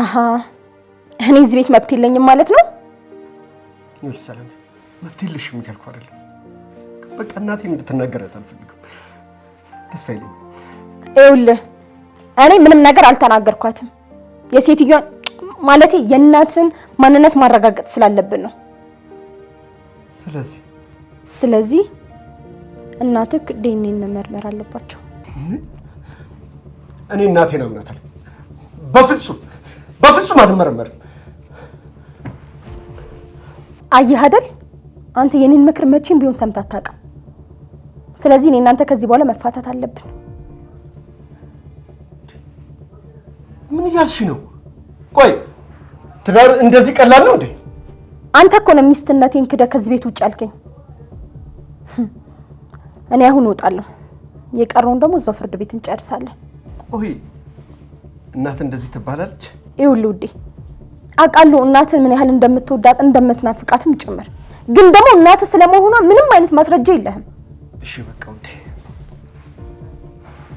አሀ እኔ እዚህ ቤት መብት የለኝም ማለት ነው? ይኸውልሽ ሰላም፣ መብት የለሽም እያልኩ አይደለም። በቃ እናቴን እንድትናገረት አልፈልግም። ደስ አይለኝም። ይኸውልህ እኔ ምንም ነገር አልተናገርኳትም። የሴትዮን ማለቴ የእናትን ማንነት ማረጋገጥ ስላለብን ነው። ስለዚህ ስለዚህ እናትህ ዴኔን መመርመር አለባቸው። እኔ እናቴን አምናታለሁ በፍጹም በፍጹም አልመረመርም። አየህ አይደል አንተ የኔን ምክር መቼም ቢሆን ሰምተህ አታውቅም። ስለዚህ እኔ እናንተ ከዚህ በኋላ መፋታት አለብን። ምን እያልሽ ነው? ቆይ ትዳር እንደዚህ ቀላል ነው እንዴ? አንተ እኮ ነው ሚስትነቴን ክደህ ከዚህ ቤት ውጭ አልከኝ። እኔ አሁን እወጣለሁ። የቀረውን ደግሞ እዛው ፍርድ ቤት እንጨርሳለን። ቆይ እናት እንደዚህ ትባላለች? ይኸውልህ ውዴ አውቃለሁ እናትን ምን ያህል እንደምትወዳት እንደምትናፍቃትም ጭምር ግን ደግሞ እናት ስለመሆኗ ምንም አይነት ማስረጃ የለህም። እሺ በቃ ውዴ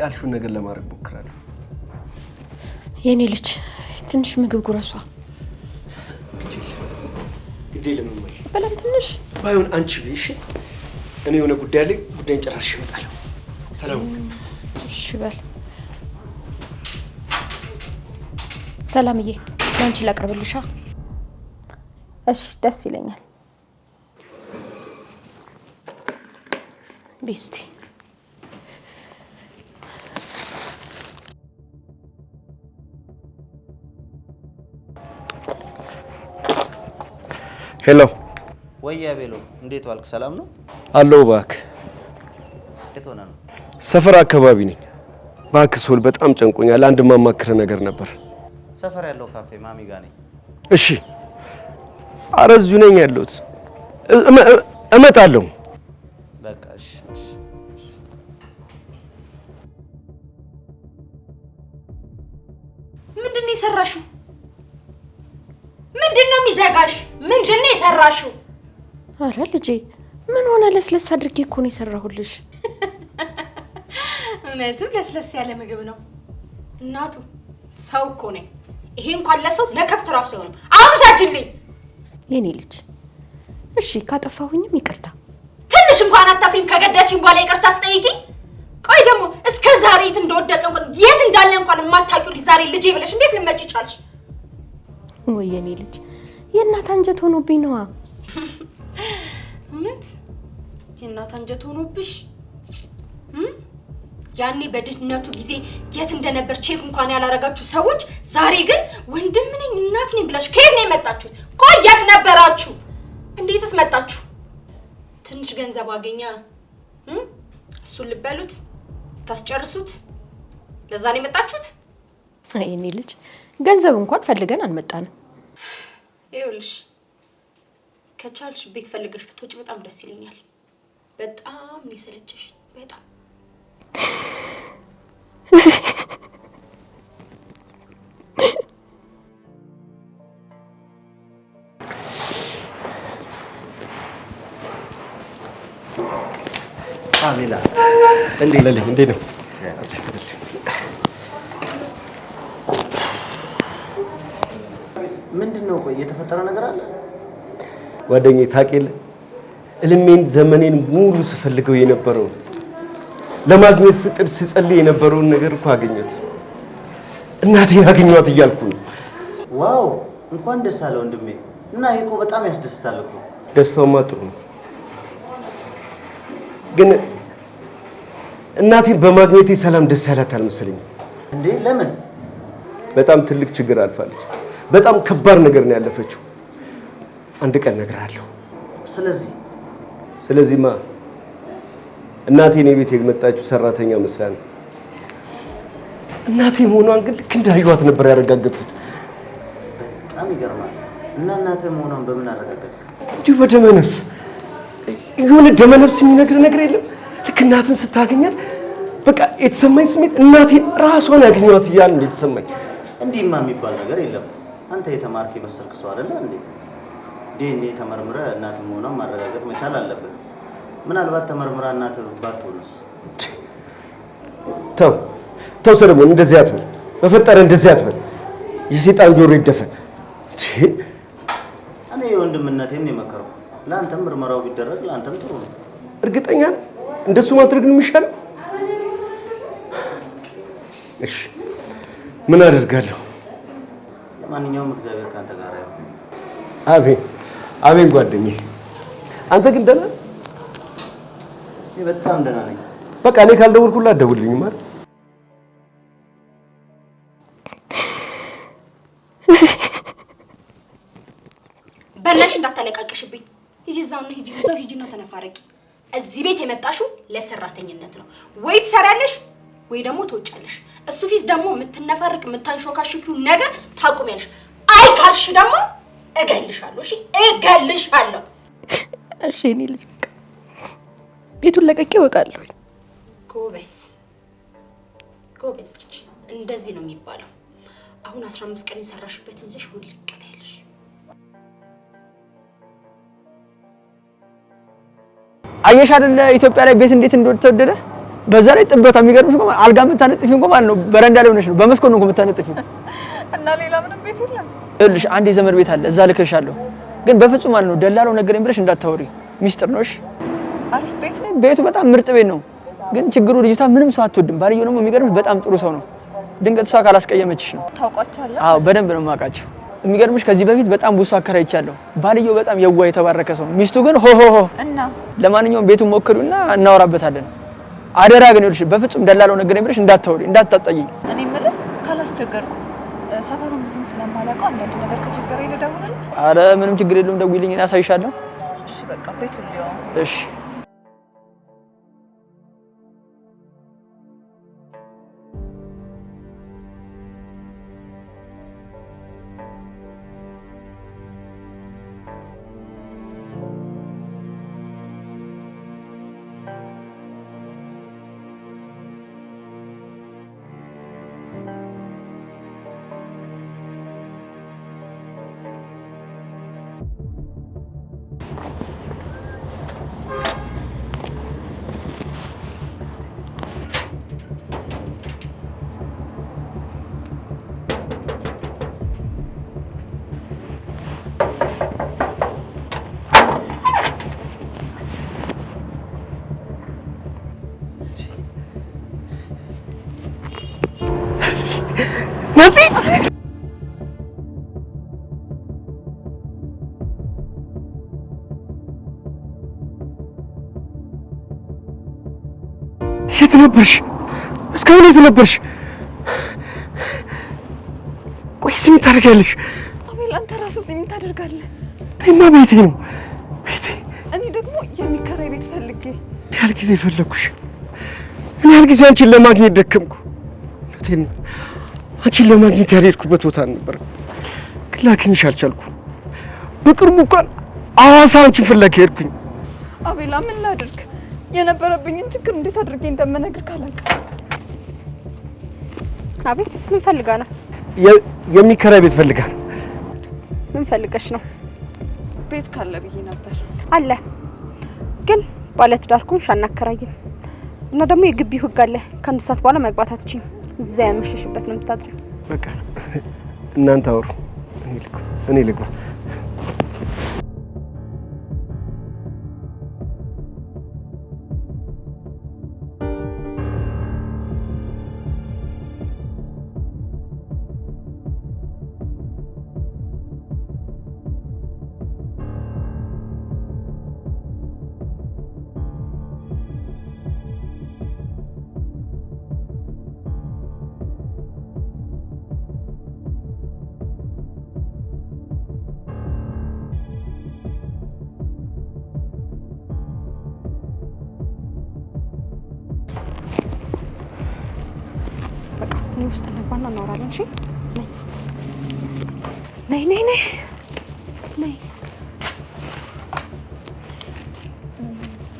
ያልሽውን ነገር ለማድረግ ሞክራለሁ። የኔ ልጅ ትንሽ ምግብ ጉረሷ። ግዴ ለመማይ በላም ትንሽ ባይሆን አንቺ እሺ። እኔ የሆነ ጉዳይ አለኝ። ጉዳይን ጨራርሽ ይመጣለሁ። ሰላም። እሺ በል ሰላምዬ ለአንቺ ላቅርብልሻ? እሺ ደስ ይለኛል። ቤስቴ ሄሎ። ወያ ቤሎ፣ እንዴት ዋልክ? ሰላም ነው አለው። እባክህ እንዴት ሆነ ነው? ሰፈር አካባቢ ነኝ። እባክህ ሶል፣ በጣም ጨንቆኛል። አንድ ማማክረ ነገር ነበር ሰፈር ያለው ካፌ ማሚ ጋር ነኝ። እሺ፣ ኧረ እዚሁ ነኝ ያለሁት። እመጣለሁ። በቃ እሺ፣ እሺ። ምንድን ነው የሰራሽው? ምንድን ነው የሚዘጋሽ? ምንድን ነው የሰራሽው? ኧረ ልጄ ምን ሆነ? ለስለስ አድርጌ እኮ ነው የሰራሁልሽ። እውነትም ለስለስ ያለ ምግብ ነው እናቱ። ሰው እኮ ነኝ ይሄ እንኳን ለሰው ለከብት ራሱ አይሆንም። አሁን ሳጅልኝ የኔ ልጅ። እሺ ካጠፋሁኝም ይቅርታ። ትንሽ እንኳን አታፍሪም? ከገደልሽኝ በኋላ ይቅርታ አስጠይቂኝ። ቆይ ደግሞ እስከ ዛሬ የት እንደወደቀ እንኳን የት እንዳለ እንኳን የማታውቂው ልጅ ዛሬ ልጄ ብለሽ እንዴት ልመጭ ቻልሽ? ወይ የኔ ልጅ የእናት አንጀት ሆኖብኝ ነዋ። እውነት የእናት አንጀት ሆኖብሽ ያኔ በድህነቱ ጊዜ የት እንደነበር ቼክ እንኳን ያላረጋችሁ ሰዎች ዛሬ ግን ወንድም ነኝ እናት ነኝ ብላችሁ ከየት ነው የመጣችሁት? ቆይ የት ነበራችሁ? እንዴትስ መጣችሁ? ትንሽ ገንዘብ አገኛ እሱን ልበሉት ታስጨርሱት። ለዛ ነው የመጣችሁት? የኔ ልጅ ገንዘብ እንኳን ፈልገን አልመጣንም። ይኸውልሽ ከቻልሽ ቤት ፈልገሽ ብትወጪ በጣም ደስ ይለኛል። በጣም ነው የሰለቸሽ በጣም አቤላ እንዴት ነህ? ምንድን ነው? ቆይ የተፈጠረ ነገር አለ? ጓደኛዬ ታውቅ የለ እልሜን ዘመኔን ሙሉ ስፈልገው የነበረው ለማግኘት ስጥር ስጸልይ የነበረውን ነገር እኮ አገኘት። እናቴን አገኘኋት እያልኩ ነው። ዋው እንኳን ደስ አለ ወንድሜ። እና ይሄ እኮ በጣም ያስደስታል እኮ። ደስታውማ ጥሩ ነው፣ ግን እናቴን በማግኘቴ ሰላም ደስ ያላት አልመሰለኝም። እንዴ ለምን? በጣም ትልቅ ችግር አልፋለች። በጣም ከባድ ነገር ነው ያለፈችው። አንድ ቀን እነግርሃለሁ። ስለዚህ ስለዚህማ እናቴ እኔ ቤት የመጣችው ሰራተኛ መስላ ነው። እናቴ መሆኗን ግን ልክ እንዳየኋት ነበር ያረጋገጥኩት። በጣም ይገርማል። እና እናቴ መሆኗን በምን አረጋገጥክ? እንዲሁ በደመ ነፍስ የሆነ ደመ ነፍስ የሚነግር ነገር የለም። ልክ እናትን ስታገኛት በቃ የተሰማኝ ስሜት እናቴን ራሷን ያገኘኋት እያለ ነው የተሰማኝ። እንዲህማ የሚባል ነገር የለም። አንተ የተማርክ የመሰልክ ሰው አይደለ እንዴ? ዲኤንኤ ተመርምረ እናትን መሆኗን ማረጋገጥ መቻል አለብን። ምናልባት ተመርምራ እናት ባትሆንስ? ተው ተው ሰለሞን፣ እንደዚህ አትበል በፈጠረ እንደዚህ አትበል። የሴጣን ጆሮ ይደፈን። እኔ የወንድምነቴን የመከረው ለአንተም ምርመራው ቢደረግ ለአንተም ጥሩ ነው። እርግጠኛ እንደሱ ማድረግ ነው የሚሻለው። እሺ ምን አደርጋለሁ? ለማንኛውም እግዚአብሔር ከአንተ ጋር ይሁን። አሜን አሜን። ጓደኛዬ አንተ ግን ደህና በጣም ደህና ነኝ። በቃ እኔ ካልደውልኩልህ አደውልኝ ማለት በለሽ እንዳታለቃቅሽብኝ። ሂጂ እዛው ነው ሂጂ፣ እዛው ሂጂ ነው ተነፋረቂ። እዚህ ቤት የመጣሽው ለሰራተኝነት ነው። ወይ ትሰሪያለሽ ወይ ደግሞ ትወጫለሽ። እሱ ፊት ደግሞ የምትነፋርቅ የምታንሾካሽኪው ነገር ታቁሚያለሽ። አይ ካልሽ ደግሞ እገልሻለሁ። እሺ እገልሻለሁ። እሺ እኔ ልጅ ቤቱን ለቀቄ እወጣለሁ። ጎበዝ ጎበዝ ልጅ፣ እንደዚህ ነው የሚባለው። አሁን አስራ አምስት ቀን የሰራሽበትን ይዘሽ ውልቅ ትያለሽ። አየሽ አይደለ ኢትዮጵያ ላይ ቤት እንዴት እንደተወደደ። በዛ ላይ ጥበቷ የሚገርምሽ ማለት አልጋ የምታነጥፊው እንኳን ማለት ነው በረንዳ ላይ ሆነሽ ነው፣ በመስኮት ነው እንኳን የምታነጥፊው። እና ሌላ ምንም ቤት የለም። ይኸውልሽ አንድ የዘመድ ቤት አለ፣ እዛ ልክሻለሁ። ግን በፍጹም ማለት ነው ደላላው ነገረኝ ብለሽ እንዳታወሪ፣ ሚስጥር ነው እሺ አሪፍ ቤት ነው። ቤቱ በጣም ምርጥ ቤት ነው። ግን ችግሩ ልጅቷ ምንም ሰው አትወድም። ባልየው ደግሞ የሚገርምሽ በጣም ጥሩ ሰው ነው። ድንገት እሷ ካላስቀየመችሽ ነው። ታውቋቸዋለህ? አዎ በደንብ ነው የማውቃቸው። የሚገርምሽ ከዚህ በፊት በጣም ብዙ አከራይቻለሁ። ባልየው በጣም የዋ የተባረከ ሰው ነው። ሚስቱ ግን ሆሆሆ። እና ለማንኛውም ቤቱ ሞክሪውና እናወራበታለን። አደራ ግን ይኸውልሽ በፍጹም ደላላው ነገር ብለሽ እንዳታወሪ እንዳታጠይ። እኔ የምልህ ካላስቸገርኩ ሰፈሩን ብዙም ስለማላውቀው አንዳንድ ነገር ከቸገረኝ ልደውልልህ? አረ ምንም ችግር የለውም ደውይልኝ፣ እኔ አሳይሻለሁ። እሺ በቃ ቤቱ ሊሆን እሺ ነበርሽ? እስካሁን የት ነበርሽ? ቆይ ስሚ፣ ምን ታደርጊያለሽ? አቤል፣ አንተ ራስህ ስሚ፣ ምን ታደርጋለህ? እኔማ ቤቴ ነው ቤቴ። እኔ ደግሞ የሚከራይ ቤት ፈልጌ ያህል ጊዜ ፈለግኩሽ። እኔ ያህል ጊዜ አንቺን ለማግኘት ደከምኩ። እውነቴን ነው። አንቺን ለማግኘት ያልሄድኩበት ቦታ አልነበረም፣ ግን ላገኝሽ አልቻልኩም። በቅርቡ እንኳን አዋሳ አንቺን ፍለጋ ሄድኩኝ። አቤላ ምን ላድርግ? የነበረብኝን ችግር እንዴት አድርጌ እንደምነግር ካላውቅ። አቤት ምን ፈልጋ ነው? የሚከራይ ቤት ፈልጋ ነው። ምን ፈልገሽ ነው? ቤት ካለ ብዬ ነበር። አለ ግን ባለትዳር ኮንሽ አናከራይም። እና ደግሞ የግቢው ህግ አለ። ከአንድ ሰዓት በኋላ መግባት አትችይም። እዛ ያመሸሽበት ነው የምታድሪው። በቃ እናንተ አውሩ፣ እኔ ልግባ። እኔ ውስጥ እንግባና እናወራለን። እሺ ነይ ነይ ነይ ነይ።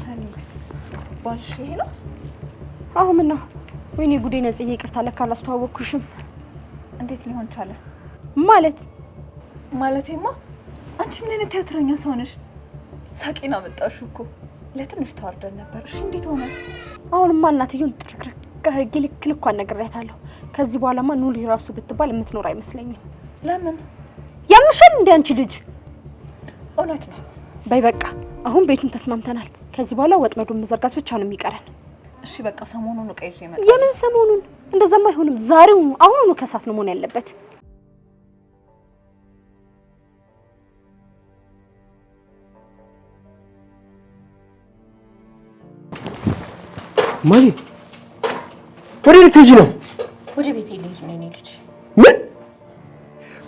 ሰኒ ባልሽ ይሄ ነው? አሁን ምን ነው? ወይኔ ጉዴ ነጽዬ፣ ይቅርታ ለካ አላስተዋወቅኩሽም። እንዴት ሊሆን ቻለ? ማለት ማለቴማ አንቺ ምን አይነት ቲያትረኛ ሰው ነሽ? ሳቄን አመጣሽው እኮ ለትንሽ ተዋርደን ነበር። እሺ እንዴት ሆነ? አሁንማ እናትየውን ጥርቅርቅ አድርጌ ልክ ልኳን ነግሬያታለሁ። ከዚህ በኋላማ ኑሊ ራሱ ብትባል የምትኖር አይመስለኝም። ለምን የምሽል እንደ አንቺ ልጅ እውነት ነው። በይ በቃ አሁን ቤቱን ተስማምተናል። ከዚህ በኋላ ወጥመዱን መዘርጋት ብቻ ነው የሚቀረን። እሺ በቃ ሰሞኑን ነው ቀይሽ ይመጣ። የምን ሰሞኑን? እንደዛም አይሆንም። ዛሬው አሁኑ ነው ከሳት ነው መሆን ያለበት። ማሪ ወዴት ልትሄጂ ነው? ወደ ቤት ልሄድ ነው። የእኔ ልጅ ምን?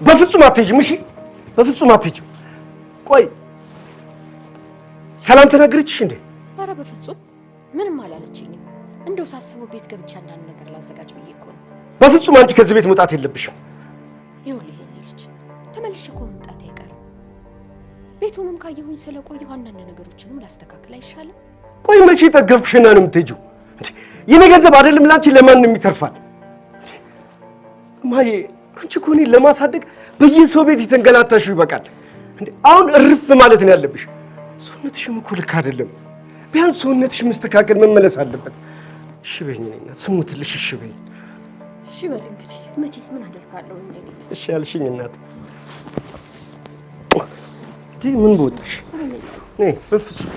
በፍጹም አትሄጂም። እሺ፣ በፍጹም አትሄጂም። ቆይ ሰላም ተናገረችሽ እንዴ? ኧረ በፍጹም ምንም አላለችኝም። እንደው ሳስበው ቤት ገብቼ አንዳንድ ነገር ላዘጋጅ ብዬ እኮ ነው። በፍጹም አንቺ ከዚህ ቤት መውጣት የለብሽም። ይኸውልህ የእኔ ልጅ ተመልሼ እኮ መምጣት አይቀርም። ቤቱንም ካየሁኝ ስለቆየሁ አንዳንድ ነገሮችንም ላስተካክል አይሻልም? ቆይ መቼ ጠገብኩሽና ነው የምትሄጂው? የኔ ገንዘብ አይደለም ለአንቺ ለማንም ይተርፋል? ማዬ አንቺ እኮ እኔን ለማሳደግ በየሰው ቤት የተንገላታሽ ይበቃል። አሁን እርፍ ማለት ነው ያለብሽ። ሰውነትሽም እኮ ልክ አይደለም። ቢያንስ ሰውነትሽ መስተካከል መመለስ አለበት። እሺ በይኝ እኔ እናት ስሙትልሽ። እሺ በይኝ። እሺ በል እንግዲህ መቼስ ምን አደርጋለሁ። እሺ ያልሽኝ እናት እንዲህ ምን በወጣሽ እኔ በፍጹም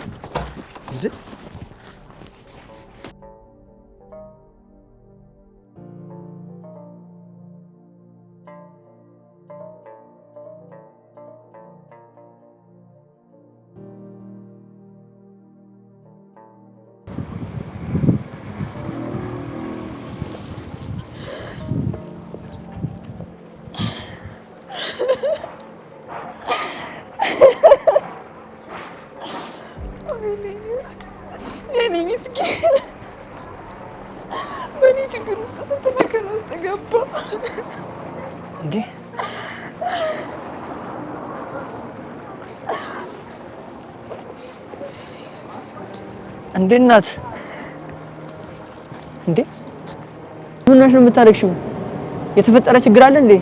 እንዴት ናት? እንዴ ምን ሆነሽ ነው የምታለቅሽው? የተፈጠረ ችግር አለ እንዴ?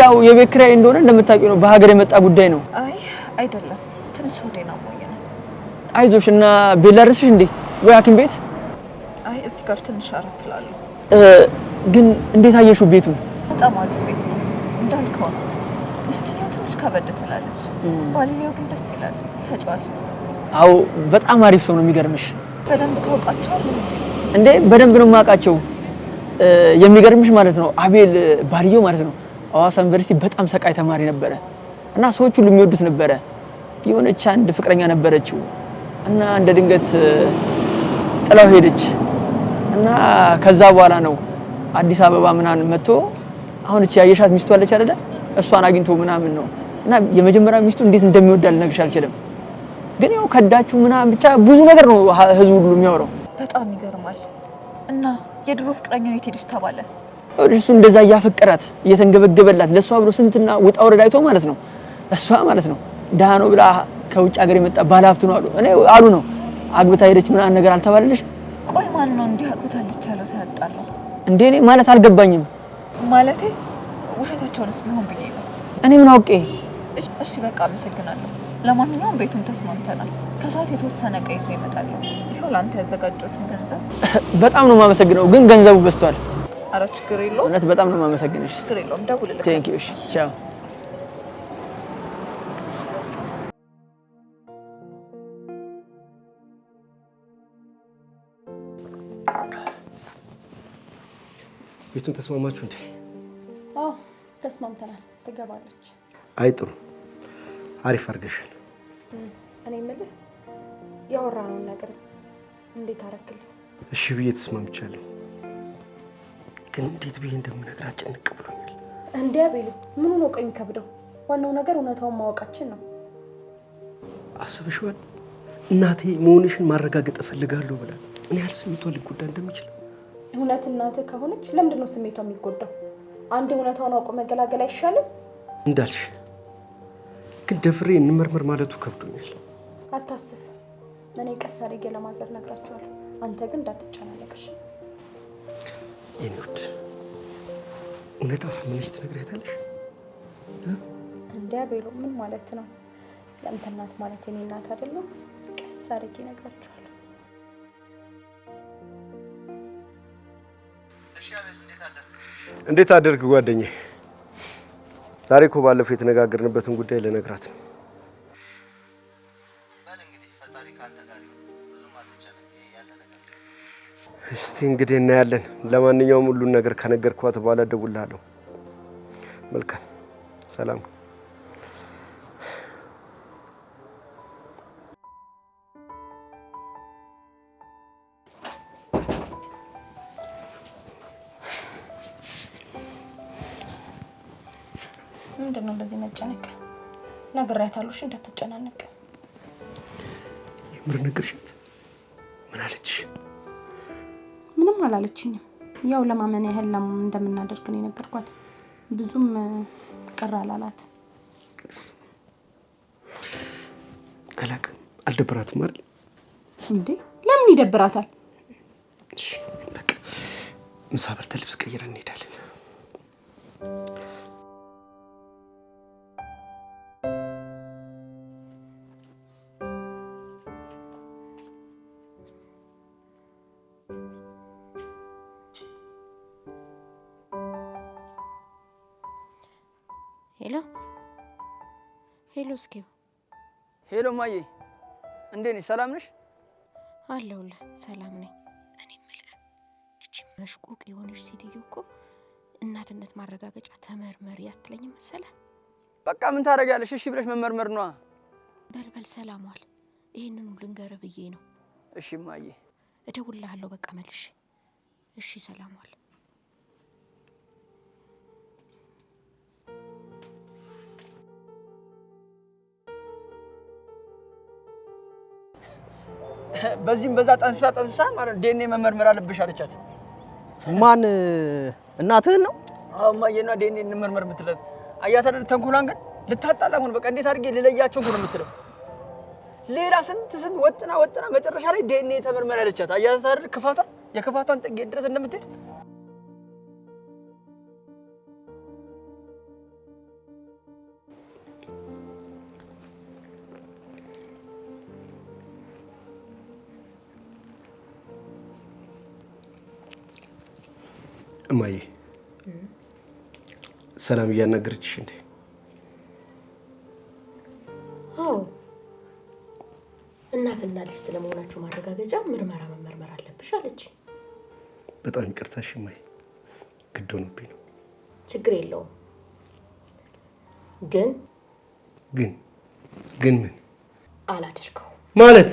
ያው የቤት ኪራይ እንደሆነ እንደምታውቂው ነው፣ በሀገር የመጣ ጉዳይ ነው። አይ አይደለም፣ ትንሽ ወዴ ነው ሞየና። አይዞሽ እና ቤት እንዴ ወይ ሐኪም ቤት? አይ እዚህ ጋር ትንሽ አረፍ እላለሁ። ግን እንዴት አየሽው ቤቱን? በጣም አሪፍ ቤት ነው እንዳልከው ነው። ሚስትየው ትንሽ ከበድ ትላለች፣ ባልየው ግን ደስ ይላል፣ ተጫዋች ነው። አዎ በጣም አሪፍ ሰው ነው። የሚገርምሽ በደንብ ታውቃቸዋለህ እንዴ? በደንብ ነው የማውቃቸው። የሚገርምሽ ማለት ነው አቤል ባልየው ማለት ነው አዋሳ ዩኒቨርሲቲ በጣም ሰቃይ ተማሪ ነበረ እና ሰዎች ሁሉ የሚወዱት ነበረ። የሆነች አንድ ፍቅረኛ ነበረችው እና እንደ ድንገት ጥላው ሄደች እና ከዛ በኋላ ነው አዲስ አበባ ምናምን መጥቶ አሁን እቺ ያየሻት ሚስቱ አለች አይደለ? እሷን አግኝቶ ምናምን ነው እና የመጀመሪያ ሚስቱ እንዴት እንደሚወዳል ነግርሽ አልችልም። ግን ያው ከዳችሁ ምናምን ብቻ ብዙ ነገር ነው ህዝቡ ሁሉ የሚያወራው። በጣም ይገርማል። እና የድሮ ፍቅረኛ የት ሄደች ተባለ። እሱ እንደዛ እያፈቀራት እየተንገበገበላት ለእሷ ብሎ ስንትና ውጣ ወረድ አይቶ ማለት ነው እሷ ማለት ነው ደህና ነው ብላ ከውጭ ሀገር የመጣ ባለሀብት ነው አሉ እኔ አሉ ነው አግብታ ሄደች ምናምን ነገር አልተባለልሽ? ቆይ ማን ነው እንዲህ አግብታለች ያለው ሳያጣራው? እንዴ እኔ ማለት አልገባኝም። ማለቴ ውሸታቸውንስ ቢሆን ብዬ ነው እኔ ምን አውቄ። እሺ በቃ አመሰግናለሁ። ለማንኛውም ቤቱን ተስማምተናል። ከሰዓት የተወሰነ ቀይ ይዤ ይመጣል ይኸው ለአንተ ያዘጋጀሁትን ገንዘብ። በጣም ነው የማመሰግነው፣ ግን ገንዘቡ በዝቷል። ኧረ ችግር የለውም። እውነት በጣም ነው የማመሰግንሽ። ችግር የለውም። ደውልልህ። እሺ፣ ቻው ቤቱን ተስማማችሁ እንዴ? አዎ ተስማምተናል። ትገባለች። አይ ጥሩ አሪፍ አድርገሻል። እኔ የምልህ ያወራነውን ነገር እንዴት አደረግልኝ? እሺ ብዬ ተስማምቻለሁ፣ ግን እንዴት ብዬ እንደምነግራት ጭንቅ ብሎኛል። እንዲያ ቤሉ ምኑ ነው ቀኝ ከብደው። ዋናው ነገር እውነታውን ማወቃችን ነው። አስበሽዋል? እናቴ መሆንሽን ማረጋገጥ እፈልጋለሁ ብላል። ምን ያህል ስሜቷ ሊጎዳ እንደሚችል። እውነት እናትህ ከሆነች ለምንድን ነው ስሜቷ የሚጎዳው? አንድ እውነታውን አውቆ መገላገል አይሻልም? እንዳልሽ ግን ደፍሬ እንመርመር ማለቱ ከብዶኛል። አታስብ፣ እኔ ቀስ አድርጌ ለማዘር ነግራቸዋለሁ። አንተ ግን እንዳትጨናነቅሽ ይኑድ እውነት አሳምነሽ ትነግሪያታለሽ እንዲያ ቤሎ ምን ማለት ነው? የአንተ እናት ማለት የኔ እናት አይደለም። ቀስ አድርጌ ነግራቸዋለሁ። እንዴት አደርግ ጓደኛዬ ዛሬ እኮ ባለፈው የተነጋገርንበትን ጉዳይ ልነግራት ነው። እስቲ እንግዲህ እናያለን። ለማንኛውም ሁሉን ነገር ከነገርኳት በኋላ ደውላለሁ። መልካም ሰላም እነግራታለሁ። እሺ እንዳትጨናነቅ። የምር ምን አለችሽ? ምንም አላለችኝም። ያው ለማመን ያህል እንደምናደርግ ነው የነገርኳት። ብዙም ቅር አላላት። አልደብራትም አይደል እንዴ? ለምን ይደብራታል? ምሳ ልብስ ቀይረን እንሄዳለን። እስኪ። ሄሎ ማዬ፣ እንዴት ነሽ? ሰላም ነሽ? አለሁልህ። ሰላም ነኝ። እኔ የምልህ እቺ መሽቁቅ የሆነች ሴትዮ እኮ እናትነት ማረጋገጫ ተመርመሪ አትለኝም መሰለህ? በቃ ምን ታደርጊያለሽ? እሺ ብለሽ መመርመር ነዋ። በልበል ሰላም ዋል። ይህንኑ ልንገርህ ብዬ ነው። እሺ ማዬ፣ እደውልልሃለሁ በቃ መልሼ። እሺ ሰላም ዋል። በዚህም በዛ ጠንስሳ ጠንስሳ ማለት ዴኔ መመርመር አለብሽ አለቻት። ማን እናትህን ነው? አዎ እማዬና ዴኔ እንመርመር የምትለት አያታ አይደል? ግን ልታጣላ ሆነ። በቃ እንዴት አድርጌ ልለያቸው ነው የምትለው። ሌላ ስንት ስንት ወጥና ወጥና መጨረሻ ላይ ዴኔ ተመርመር አለቻት። አያታ አይደል? ክፋቷን የክፋቷን ጥጌ ድረስ እንደምትሄድ እማዬ ሰላም እያናገረችሽ እንዴ? አዎ፣ እናትና ልጅ ስለመሆናቸው ማረጋገጫ ምርመራ መመርመር አለብሽ አለች። በጣም ይቅርታሽ እማዬ፣ ግድ ሆኖብኝ ነው። ችግር የለውም። ግን ግን ግን ምን አላደርገው ማለት